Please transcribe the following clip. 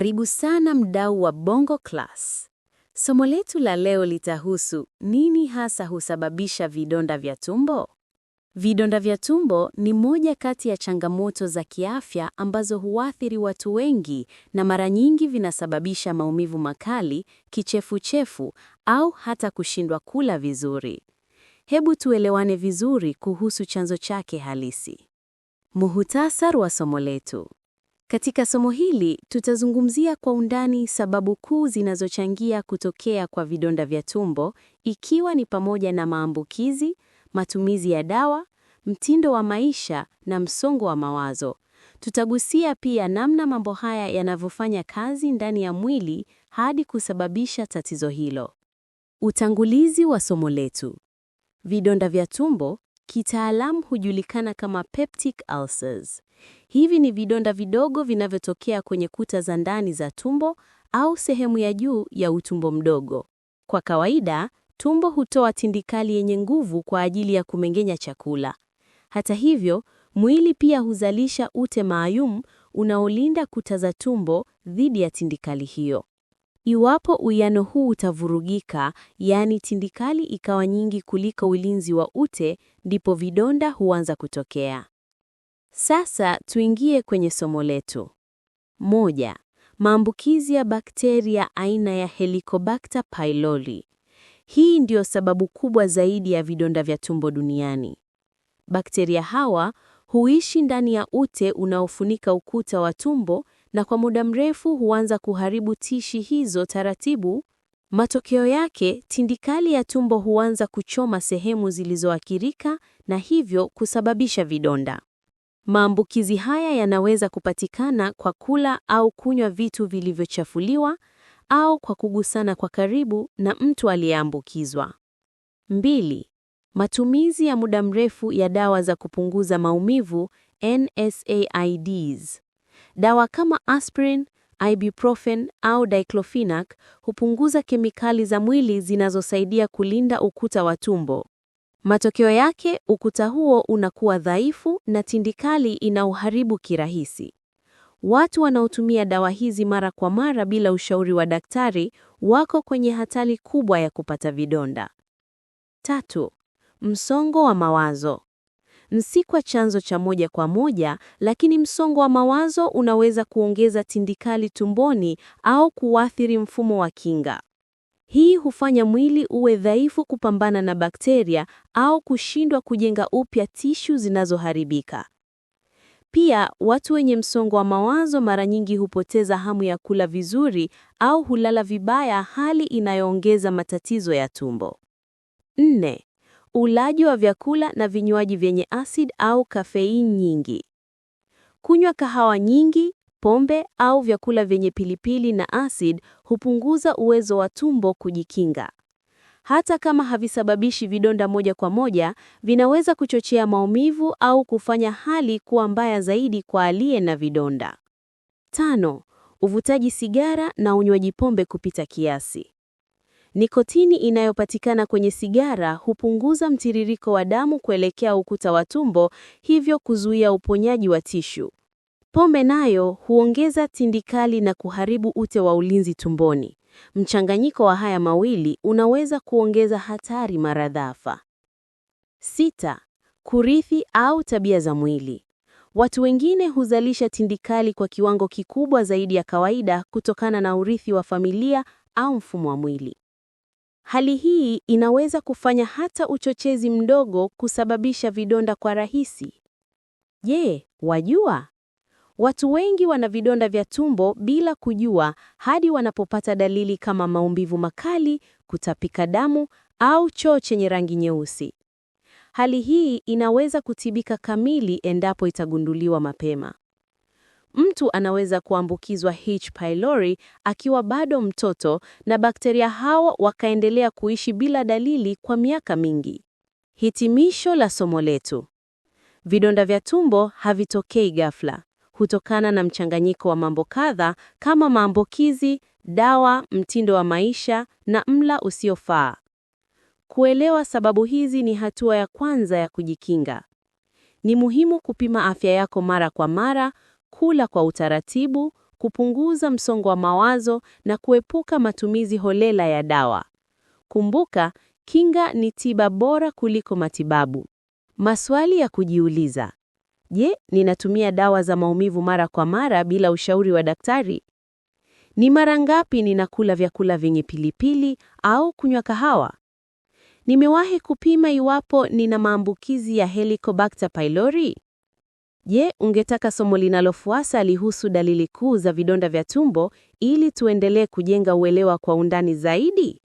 Karibu sana mdau wa Bongo Class. Somo letu la leo litahusu nini hasa husababisha vidonda vya tumbo? Vidonda vya tumbo ni moja kati ya changamoto za kiafya ambazo huathiri watu wengi na mara nyingi vinasababisha maumivu makali, kichefuchefu au hata kushindwa kula vizuri. Hebu tuelewane vizuri kuhusu chanzo chake halisi. Muhutasar wa somo letu. Katika somo hili tutazungumzia kwa undani sababu kuu zinazochangia kutokea kwa vidonda vya tumbo, ikiwa ni pamoja na maambukizi, matumizi ya dawa, mtindo wa maisha na msongo wa mawazo. Tutagusia pia namna mambo haya yanavyofanya kazi ndani ya mwili hadi kusababisha tatizo hilo. Utangulizi wa somo letu. Vidonda vya tumbo Kitaalamu hujulikana kama peptic ulcers. Hivi ni vidonda vidogo vinavyotokea kwenye kuta za ndani za tumbo au sehemu ya juu ya utumbo mdogo. Kwa kawaida, tumbo hutoa tindikali yenye nguvu kwa ajili ya kumengenya chakula. Hata hivyo, mwili pia huzalisha ute maalum unaolinda kuta za tumbo dhidi ya tindikali hiyo. Iwapo uwiano huu utavurugika, yaani tindikali ikawa nyingi kuliko ulinzi wa ute, ndipo vidonda huanza kutokea. Sasa tuingie kwenye somo letu. Moja, maambukizi ya bakteria aina ya Helicobacter pylori. Hii ndiyo sababu kubwa zaidi ya vidonda vya tumbo duniani. Bakteria hawa huishi ndani ya ute unaofunika ukuta wa tumbo na kwa muda mrefu huanza kuharibu tishi hizo taratibu. Matokeo yake, tindikali ya tumbo huanza kuchoma sehemu zilizoathirika na hivyo kusababisha vidonda. Maambukizi haya yanaweza kupatikana kwa kula au kunywa vitu vilivyochafuliwa au kwa kugusana kwa karibu na mtu aliyeambukizwa. Mbili, matumizi ya muda mrefu ya dawa za kupunguza maumivu NSAIDs. Dawa kama aspirin, ibuprofen au diclofenac hupunguza kemikali za mwili zinazosaidia kulinda ukuta wa tumbo. Matokeo yake, ukuta huo unakuwa dhaifu na tindikali inauharibu kirahisi. Watu wanaotumia dawa hizi mara kwa mara bila ushauri wa daktari wako kwenye hatari kubwa ya kupata vidonda. Tatu, msongo wa mawazo si kwa chanzo cha moja kwa moja, lakini msongo wa mawazo unaweza kuongeza tindikali tumboni au kuathiri mfumo wa kinga. Hii hufanya mwili uwe dhaifu kupambana na bakteria au kushindwa kujenga upya tishu zinazoharibika. Pia watu wenye msongo wa mawazo mara nyingi hupoteza hamu ya kula vizuri au hulala vibaya, hali inayoongeza matatizo ya tumbo. Nne, Ulaji wa vyakula na vinywaji vyenye asidi au kafeini nyingi. Kunywa kahawa nyingi, pombe au vyakula vyenye pilipili na asidi hupunguza uwezo wa tumbo kujikinga. Hata kama havisababishi vidonda moja kwa moja, vinaweza kuchochea maumivu au kufanya hali kuwa mbaya zaidi kwa aliye na vidonda. Tano, uvutaji sigara na unywaji pombe kupita kiasi. Nikotini inayopatikana kwenye sigara hupunguza mtiririko wa damu kuelekea ukuta wa tumbo, hivyo kuzuia uponyaji wa tishu. Pombe nayo huongeza tindikali na kuharibu ute wa ulinzi tumboni. Mchanganyiko wa haya mawili unaweza kuongeza hatari maradhafa. Sita, kurithi au tabia za mwili. Watu wengine huzalisha tindikali kwa kiwango kikubwa zaidi ya kawaida kutokana na urithi wa familia au mfumo wa mwili. Hali hii inaweza kufanya hata uchochezi mdogo kusababisha vidonda kwa rahisi. Je, wajua? Watu wengi wana vidonda vya tumbo bila kujua hadi wanapopata dalili kama maumivu makali, kutapika damu au choo chenye rangi nyeusi. Hali hii inaweza kutibika kamili endapo itagunduliwa mapema mtu anaweza kuambukizwa H pylori akiwa bado mtoto na bakteria hao wakaendelea kuishi bila dalili kwa miaka mingi. Hitimisho la somo letu. Vidonda vya tumbo havitokei ghafla, hutokana na mchanganyiko wa mambo kadha kama maambukizi, dawa, mtindo wa maisha na mla usiofaa. Kuelewa sababu hizi ni hatua ya kwanza ya kujikinga. Ni muhimu kupima afya yako mara kwa mara, kula kwa utaratibu, kupunguza msongo wa mawazo na kuepuka matumizi holela ya dawa. Kumbuka, kinga ni tiba bora kuliko matibabu. Maswali ya kujiuliza: Je, ninatumia dawa za maumivu mara kwa mara bila ushauri wa daktari? Ni mara ngapi ninakula vyakula vyenye pilipili au kunywa kahawa? Nimewahi kupima iwapo nina maambukizi ya Helicobacter pylori? Je, ungetaka somo linalofuasa lihusu dalili kuu za vidonda vya tumbo ili tuendelee kujenga uelewa kwa undani zaidi?